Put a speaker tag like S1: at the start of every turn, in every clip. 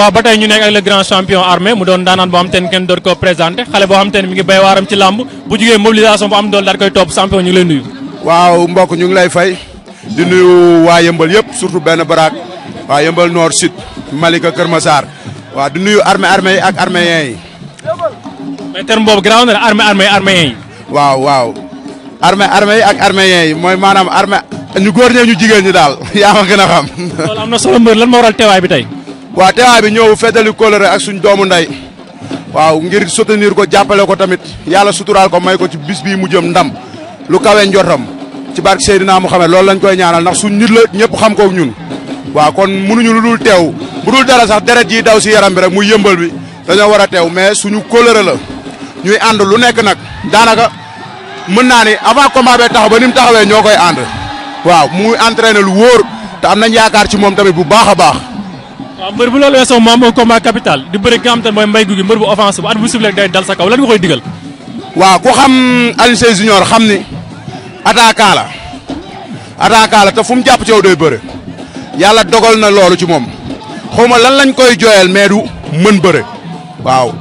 S1: waaw batay ñu nek ak le grand champion armé mu doon daanaan bo am ten ken dor ko présenter xalé bo am ten mi ngi bay waram ci lamb bu jugé mobilisation bu am dool daal koy top champion ñu lay nuyu waaw mbokk ñu ngi lay fay di nuyu wa yembal yëpp surtout ben barak wa yembal nord sud malika kër masaar waaw di nuyu armé armé ak arméen yi mais terme boobu grand na armé armé yi arméen yi waaw waaw armé armé ak arméen yi moy manam armé ñu gor ñu jigéen ñi daal ma gëna xam lool amna solo mbeur lan mo waral téway bi tay waa teewaay bi ñëw feddali kóllëre ak suñ doomu nday waaw ngir soutenir ko jàppale ko tamit yàlla suturaal ko may ko ci bis bii mu jëm ndam lu kawe njortam ci barke Seydina Muhammad loolu lañ koy ñaanal ndax suñu nit ñëpp xam ko ñun waaw kon mënuñu lu dul teew bu dul dara sax deret yi daw si yaram bi rek muy yëmbal bi dañoo war a teew mais suñu kóllëre la ñuy ànd lu nekk nag daanaka mën naa ni avant combat bee taxaw ba ni mu taxawee ñoo koy ànd waaw muy entraîné lu wóor te nañ yaakaar ci moom tamit bu baax a baax waaw mbër bu loolu weesoo moom mooy combat capital di bëri nga xam te mooy mbay gu mbër bu offense bu at bu sifleeg day dal sa kaw lan nga koy digal waaw ku xam Alioune Sèye Junior xam ni attaquant la attaquant la te fu mu jàpp ci yow bëre yàlla dogal na loolu ci moom xawma lan lañ koy jooyal mais du mën bëre waaw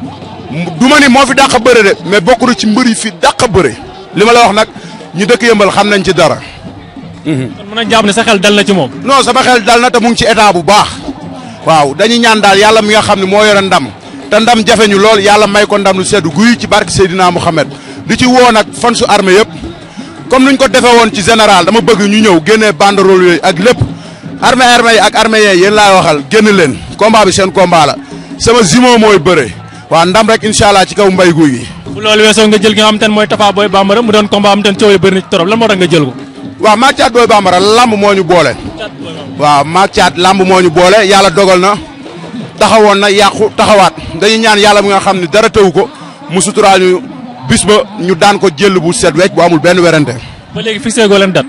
S1: du ma ni moo fi dàq bëre de mais bokk ci mbër yi fi dàq bëre li ma la wax nag ñu dëkk yëmbal xam nañ ci dara. kon mën nañ jàpp ne sa xel dal na ci moom. non sama xel dal na bu baax. waaw dañuy ñaan daal yàlla mi nga xam ne moo yore ndam te ndam jafe ñu lool yàlla may ko ndam lu seddu guy ci barke Seydina Mouhamed di ci woo nag fan su armée yëpp comme ñu ko defee woon ci général dama bëgg ñu ñëw génnee banderole yooyu ak lépp armée armée yi ak armée yee yéen laay waxal génn leen combat bi seen combat la sama zimo mooy bëre waa ndam rek incha ci kaw mbay guy gi. bu loolu weesoo nga jël ki nga xam te ne mooy Tapha Boy Bambara mu doon am te ne coow yi bëri na jël ko. waaw maa caat moo ñu boole. wa ma ciat lamb moñu ñu boole yàlla dogal na taxawon na yaqku taxawat dañu ñaan yalla mu nga xamni dara tëw ko mu suturaal ñu bis ba ñu daan ko jël bu set wecc bu amul benn wérante ba légui fixé go leen dat.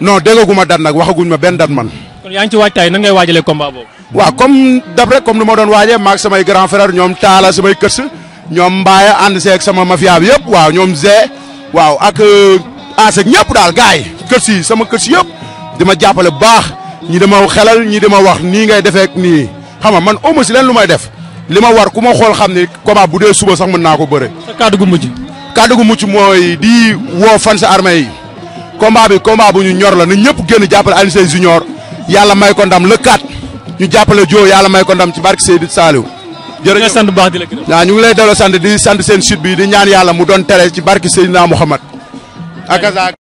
S1: non déggaguma dat nag waxaguñ ma benn dat man. kon yaa ngi ci waajtaay nan ngay waajalee combat bobu wa comme d'après comme lu ma doon waajee maag samay grand frère ñoom Talla samay ñom ñoom and sé ak sama mafia bi yëpp waaw ñoom Zé wa ak euh, as ak ñepp dal gaay kërs yi sama kërs yépp dima jappalé baax. ñi dama xelal ñi dama wax nii ngay defeek nii xam nga man amu si leen lu may def li ma war ku ma xool xam ni combat bu dee suba sax mën naa ko bëre. kàddu gu mujj. kàddu gu mujj mooy di woo fan sa armée yi combat bi combat bu ñu ñor la na ñëpp génn jàppale Alioune Seye Junior yàlla may ko ndam le 4 ñu jàppale joo yàlla may ko ndam ci barke Seydou Saliou. jërëjëf sant baax di la waaw ñu ngi lay delloo sant di sant seen sud bi di ñaan yàlla mu doon tere ci barke Seydina Mouhamad. ak